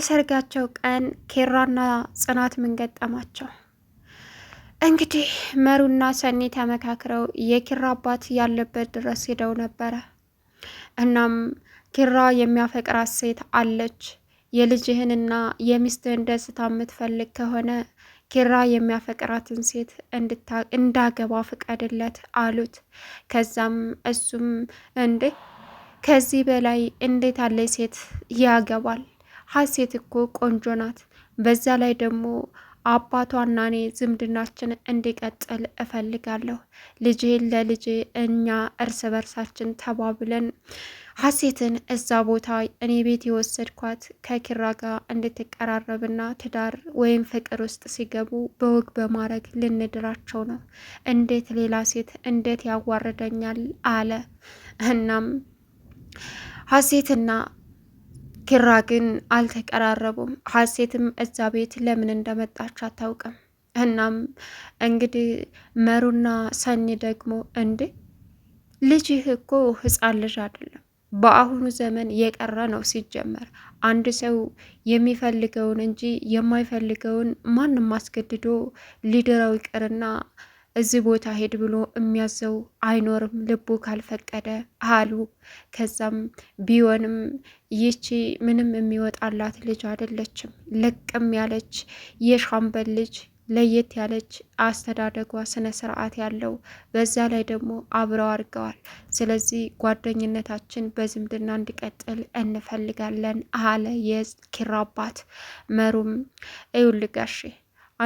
የሰርጋቸው ቀን ኬራና ጽናት ምን ገጠማቸው? እንግዲህ መሩና ሰኒ ተመካክረው የኪራ አባት ያለበት ድረስ ሄደው ነበረ። እናም ኪራ የሚያፈቅራት ሴት አለች፣ የልጅህንና የሚስትህን ደስታ የምትፈልግ ከሆነ ኪራ የሚያፈቅራትን ሴት እንዳገባ ፍቀድለት አሉት። ከዛም እሱም እንዴ ከዚህ በላይ እንዴት ያለ ሴት ያገባል ሀሴት እኮ ቆንጆ ናት። በዛ ላይ ደግሞ አባቷና እኔ ዝምድናችን እንዲቀጥል እፈልጋለሁ። ልጄ ለልጄ እኛ እርስ በርሳችን ተባብለን ሀሴትን እዛ ቦታ እኔ ቤት የወሰድኳት ከኪራ ጋር እንድትቀራረብና ትዳር ወይም ፍቅር ውስጥ ሲገቡ በወግ በማድረግ ልንድራቸው ነው። እንዴት ሌላ ሴት እንዴት ያዋርደኛል አለ። እናም ሀሴትና ኪራ ግን አልተቀራረቡም። ሀሴትም እዛ ቤት ለምን እንደመጣች አታውቅም። እናም እንግዲህ መሩና ሰኒ ደግሞ እንዴ ልጅህ እኮ ህፃን ልጅ አይደለም በአሁኑ ዘመን የቀረ ነው። ሲጀመር አንድ ሰው የሚፈልገውን እንጂ የማይፈልገውን ማንም አስገድዶ ሊደራው ይቅርና እዚህ ቦታ ሄድ ብሎ የሚያዘው አይኖርም ልቡ ካልፈቀደ አሉ። ከዛም ቢሆንም ይቺ ምንም የሚወጣላት ልጅ አይደለችም። ለቅም ያለች የሻምበል ልጅ ለየት ያለች አስተዳደጓ፣ ስነ ስርዓት ያለው በዛ ላይ ደግሞ አብረው አድርገዋል። ስለዚህ ጓደኝነታችን በዝምድና እንዲቀጥል እንፈልጋለን አለ የኪራ አባት። መሩም እዩል ጋሼ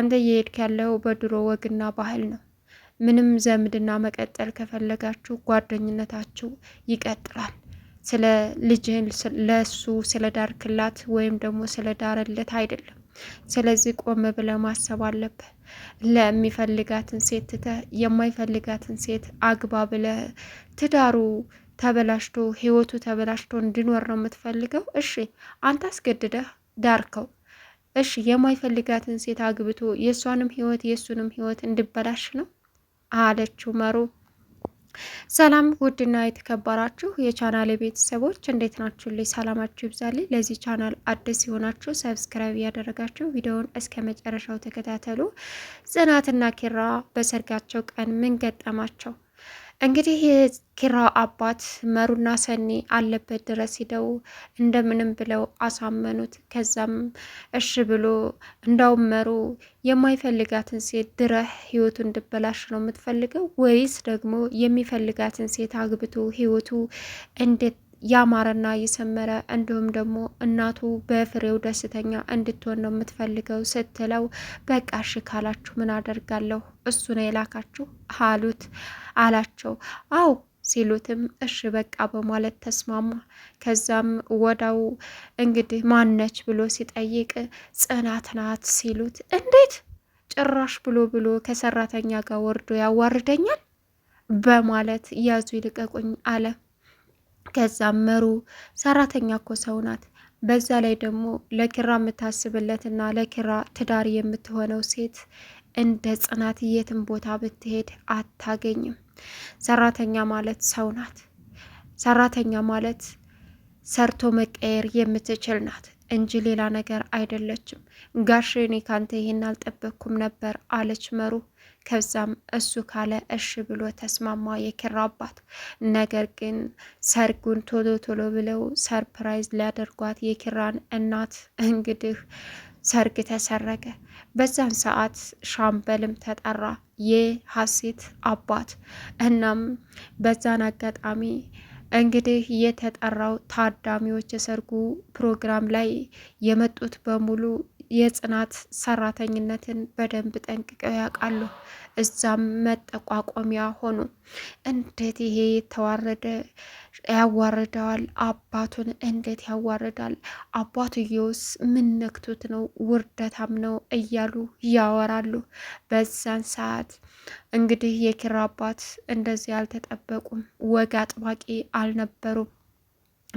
አንተ የሄድክ ያለው በድሮ ወግና ባህል ነው ምንም ዘምድና መቀጠል ከፈለጋችሁ ጓደኝነታችሁ ይቀጥላል። ስለ ልጅህን ለሱ ስለ ዳርክላት ወይም ደግሞ ስለ ዳረለት አይደለም። ስለዚህ ቆም ብለህ ማሰብ አለብህ። ለሚፈልጋትን ሴት ትተህ የማይፈልጋትን ሴት አግባ ብለህ ትዳሩ ተበላሽቶ ህይወቱ ተበላሽቶ እንዲኖር ነው የምትፈልገው? እሺ አንተ አስገድደህ ዳርከው። እሺ የማይፈልጋትን ሴት አግብቶ የእሷንም ህይወት የእሱንም ህይወት እንዲበላሽ ነው። አለችው መሩ። ሰላም ውድና የተከበራችሁ የቻናል ቤተሰቦች እንዴት ናችሁ? ላይ ሰላማችሁ ይብዛልኝ። ለዚህ ቻናል አዲስ የሆናችሁ ሰብስክራይብ ያደረጋችሁ ቪዲዮውን እስከ መጨረሻው ተከታተሉ። ጽናትና ኪራ በሰርጋቸው ቀን ምን ገጠማቸው? እንግዲህ ኪራ አባት መሩና ሰኒ አለበት ድረስ ሂደው እንደምንም ብለው አሳመኑት። ከዛም እሺ ብሎ እንዳውም መሩ የማይፈልጋትን ሴት ድረህ ህይወቱ እንድበላሽ ነው የምትፈልገው ወይስ ደግሞ የሚፈልጋትን ሴት አግብቶ ህይወቱ እንዴት ያማረና የሰመረ እንዲሁም ደግሞ እናቱ በፍሬው ደስተኛ እንድትሆን ነው የምትፈልገው ስትለው በቃ እሺ ካላችሁ ምን አደርጋለሁ እሱ ነው የላካችሁ አሉት አላቸው አው ሲሉትም እሺ በቃ በማለት ተስማማ። ከዛም ወዳው እንግዲህ ማነች ብሎ ሲጠይቅ ጽናት ናት ሲሉት እንዴት ጭራሽ ብሎ ብሎ ከሰራተኛ ጋር ወርዶ ያዋርደኛል በማለት ያዙ ይልቀቁኝ አለ። ከዛም መሩ ሰራተኛ እኮ ሰው ናት። በዛ ላይ ደግሞ ለኪራ የምታስብለትና ለኪራ ትዳር የምትሆነው ሴት እንደ ጽናት የትም ቦታ ብትሄድ አታገኝም። ሰራተኛ ማለት ሰው ናት። ሰራተኛ ማለት ሰርቶ መቀየር የምትችል ናት እንጂ ሌላ ነገር አይደለችም። ጋሽኔ እኔ ካንተ ይህን አልጠበቅኩም ነበር አለች መሩ ከዛም እሱ ካለ እሺ ብሎ ተስማማ የኪራ አባት። ነገር ግን ሰርጉን ቶሎ ቶሎ ብለው ሰርፕራይዝ ሊያደርጓት የኪራን እናት እንግዲህ ሰርግ ተሰረገ። በዛን ሰዓት ሻምበልም ተጠራ የሀሴት አባት። እናም በዛን አጋጣሚ እንግዲህ የተጠራው ታዳሚዎች የሰርጉ ፕሮግራም ላይ የመጡት በሙሉ የጽናት ሰራተኝነትን በደንብ ጠንቅቀው ያውቃሉ። እዛም መጠቋቋሚያ ሆኑ። እንዴት ይሄ የተዋረደ ያዋርደዋል? አባቱን እንዴት ያዋርዳል? አባትየውስ ምን ነክቶት ነው? ውርደታም ነው እያሉ ያወራሉ። በዛን ሰዓት እንግዲህ የኪራ አባት እንደዚህ አልተጠበቁም። ወግ አጥባቂ አልነበሩም።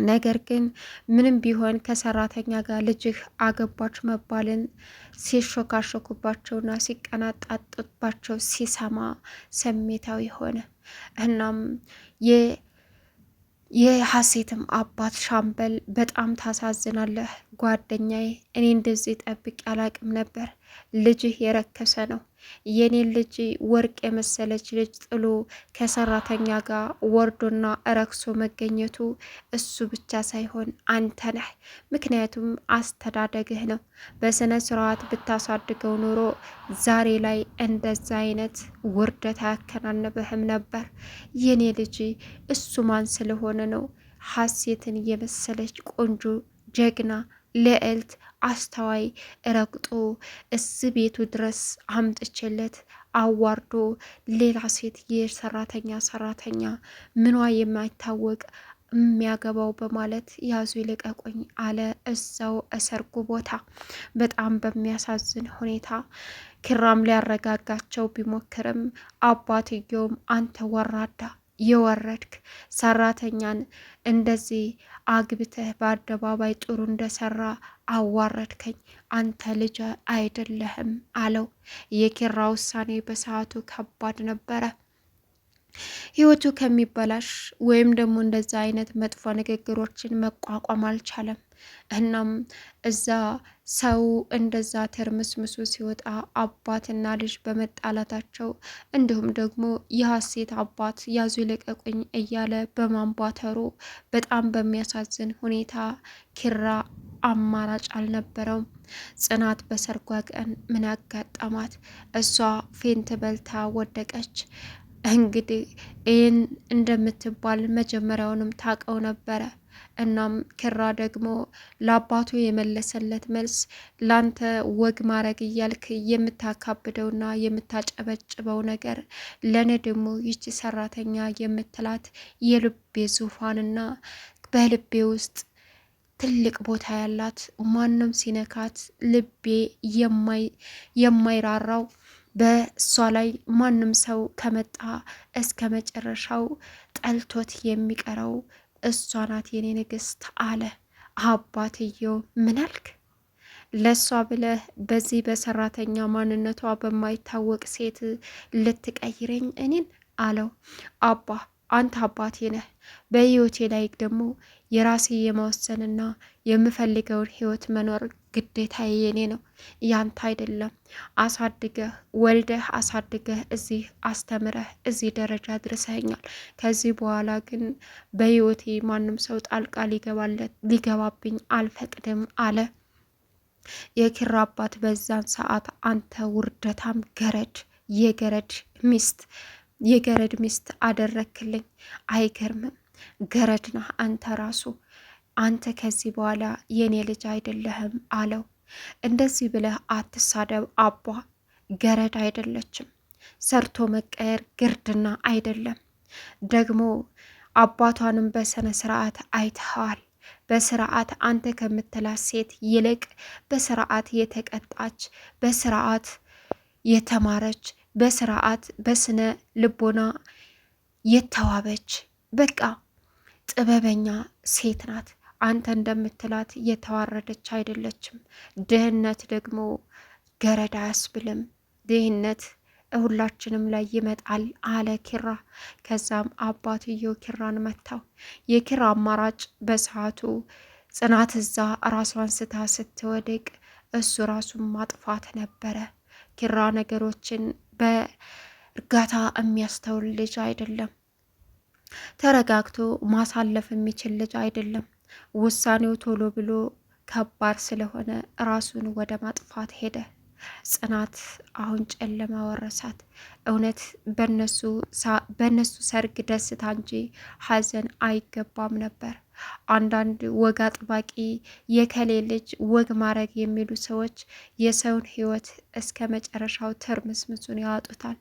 ነገር ግን ምንም ቢሆን ከሰራተኛ ጋር ልጅህ አገባች መባልን ሲሾካሾኩባቸውና ሲቀናጣጡባቸው ሲሰማ ስሜታዊ ሆነ። እናም የሀሴትም አባት ሻምበል በጣም ታሳዝናለህ ጓደኛዬ፣ እኔ እንደዚህ ጠብቄ አላቅም ነበር ልጅህ የረከሰ ነው። የኔን ልጅ ወርቅ የመሰለች ልጅ ጥሎ ከሰራተኛ ጋር ወርዶና ረክሶ መገኘቱ እሱ ብቻ ሳይሆን አንተ ነህ። ምክንያቱም አስተዳደግህ ነው። በስነ ስርዓት ብታሳድገው ኑሮ ዛሬ ላይ እንደዛ አይነት ውርደት አያከናንብህም ነበር። የኔ ልጅ እሱ ማን ስለሆነ ነው ሀሴትን የመሰለች ቆንጆ ጀግና ልዕልት አስተዋይ ረግጦ እስ ቤቱ ድረስ አምጥችለት አዋርዶ ሌላ ሴት የሰራተኛ ሰራተኛ ምኗ የማይታወቅ የሚያገባው በማለት ያዙ ይልቀቁኝ አለ እዛው እሰርጉ ቦታ። በጣም በሚያሳዝን ሁኔታ ኪራም ሊያረጋጋቸው ቢሞክርም አባትየውም አንተ ወራዳ የወረድክ ሰራተኛን እንደዚህ አግብተህ በአደባባይ ጥሩ እንደሰራ አዋረድከኝ፣ አንተ ልጅ አይደለህም አለው። የኪራ ውሳኔ በሰዓቱ ከባድ ነበረ። ህይወቱ ከሚበላሽ ወይም ደግሞ እንደዛ አይነት መጥፎ ንግግሮችን መቋቋም አልቻለም። እናም እዛ ሰው እንደዛ ተርምስምሱ ሲወጣ አባትና ልጅ በመጣላታቸው እንዲሁም ደግሞ የሀሴት አባት ያዙ ይልቀቁኝ እያለ በማንቧተሩ በጣም በሚያሳዝን ሁኔታ ኪራ አማራጭ አልነበረውም። ጽናት በሰርጓ ቀን ምን አጋጠማት? እሷ ፌንት በልታ ወደቀች። እንግዲህ ይህን እንደምትባል መጀመሪያውንም ታውቀው ነበረ። እናም ኪራ ደግሞ ለአባቱ የመለሰለት መልስ ላንተ ወግ ማድረግ እያልክ የምታካብደውና የምታጨበጭበው ነገር ለእኔ ደግሞ ይቺ ሰራተኛ የምትላት የልቤ ዙፋንና በልቤ ውስጥ ትልቅ ቦታ ያላት ማንም ሲነካት ልቤ የማይራራው በእሷ ላይ ማንም ሰው ከመጣ እስከ መጨረሻው ጠልቶት የሚቀረው እሷ ናት የኔ ንግስት አለ። አባትየው ምን አልክ? ለእሷ ብለህ በዚህ በሰራተኛ ማንነቷ በማይታወቅ ሴት ልትቀይረኝ እኔን? አለው አባ አንተ አባቴ ነህ። በህይወቴ ላይ ደግሞ የራሴ የመወሰንና የምፈልገውን ህይወት መኖር ግዴታ የኔ ነው ያንተ አይደለም። አሳድገህ ወልደህ አሳድገህ እዚህ አስተምረህ እዚህ ደረጃ አድርሰኸኛል። ከዚህ በኋላ ግን በህይወቴ ማንም ሰው ጣልቃ ሊገባለት ሊገባብኝ አልፈቅድም አለ። የኪራ አባት በዛን ሰዓት አንተ ውርደታም ገረድ፣ የገረድ ሚስት የገረድ ሚስት አደረክልኝ። አይገርምም? ገረድ ነህ አንተ ራሱ አንተ ከዚህ በኋላ የእኔ ልጅ አይደለህም አለው። እንደዚህ ብለህ አትሳደብ አባ፣ ገረድ አይደለችም፣ ሰርቶ መቀየር ግርድና አይደለም። ደግሞ አባቷንም በስነ ስርዓት አይተኸዋል። በስርዓት አንተ ከምትላት ሴት ይልቅ በስርዓት የተቀጣች በስርዓት የተማረች በስርዓት በስነ ልቦና የተዋበች በቃ ጥበበኛ ሴት ናት። አንተ እንደምትላት የተዋረደች አይደለችም። ድህነት ደግሞ ገረድ አያስብልም። ድህነት ሁላችንም ላይ ይመጣል አለ ኪራ። ከዛም አባትየው ኪራን መታው። የኪራ አማራጭ በሰዓቱ ጽናት እዛ ራሷን ስታ ስትወድቅ እሱ ራሱን ማጥፋት ነበረ። ኪራ ነገሮችን በእርጋታ የሚያስተውል ልጅ አይደለም። ተረጋግቶ ማሳለፍ የሚችል ልጅ አይደለም። ውሳኔው ቶሎ ብሎ ከባድ ስለሆነ ራሱን ወደ ማጥፋት ሄደ። ጽናት አሁን ጨለማ ወረሳት። እውነት በነሱ ሰርግ ደስታ እንጂ ሐዘን አይገባም ነበር። አንዳንድ ወግ አጥባቂ የከሌ ልጅ ወግ ማድረግ የሚሉ ሰዎች የሰውን ህይወት እስከ መጨረሻው ትርምስምሱን ያወጡታል።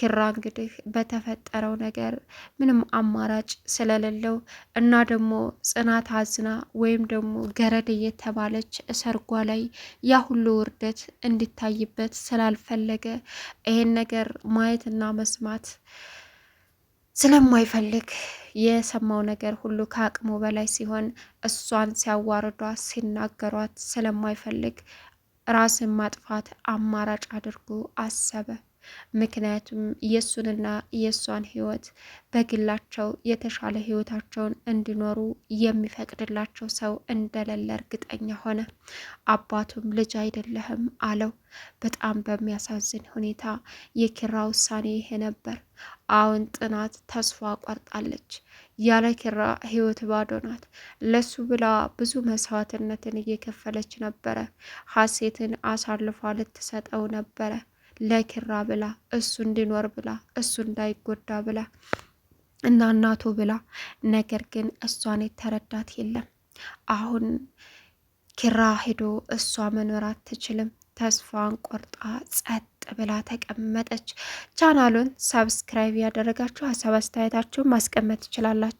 ኪራ እንግዲህ በተፈጠረው ነገር ምንም አማራጭ ስለሌለው እና ደግሞ ጽናት አዝና ወይም ደግሞ ገረድ እየተባለች እሰርጓ ላይ ያ ሁሉ ውርደት እንዲታይበት ስላልፈለገ ይሄን ነገር ማየትና መስማት ስለማይፈልግ የሰማው ነገር ሁሉ ከአቅሙ በላይ ሲሆን እሷን ሲያዋርዷት ሲናገሯት ስለማይፈልግ ራስን ማጥፋት አማራጭ አድርጎ አሰበ። ምክንያቱም የእሱንና የእሷን ህይወት በግላቸው የተሻለ ህይወታቸውን እንዲኖሩ የሚፈቅድላቸው ሰው እንደሌለ እርግጠኛ ሆነ። አባቱም ልጅ አይደለህም አለው። በጣም በሚያሳዝን ሁኔታ የኪራ ውሳኔ ይሄ ነበር። አሁን ጥናት ተስፋ ቆርጣለች። ያለ ኪራ ህይወት ባዶ ናት። ለሱ ብላ ብዙ መስዋዕትነትን እየከፈለች ነበረ። ሀሴትን አሳልፏ ልትሰጠው ነበረ ለኪራ ብላ እሱ እንዲኖር ብላ እሱ እንዳይጎዳ ብላ እና እናቱ ብላ ነገር ግን እሷን የተረዳት የለም። አሁን ኪራ ሄዶ እሷ መኖር አትችልም። ተስፋን ቆርጣ ጸጥ ብላ ተቀመጠች። ቻናሉን ሳብስክራይብ ያደረጋችሁ ሀሳብ አስተያየታችሁን ማስቀመጥ ትችላላችሁ።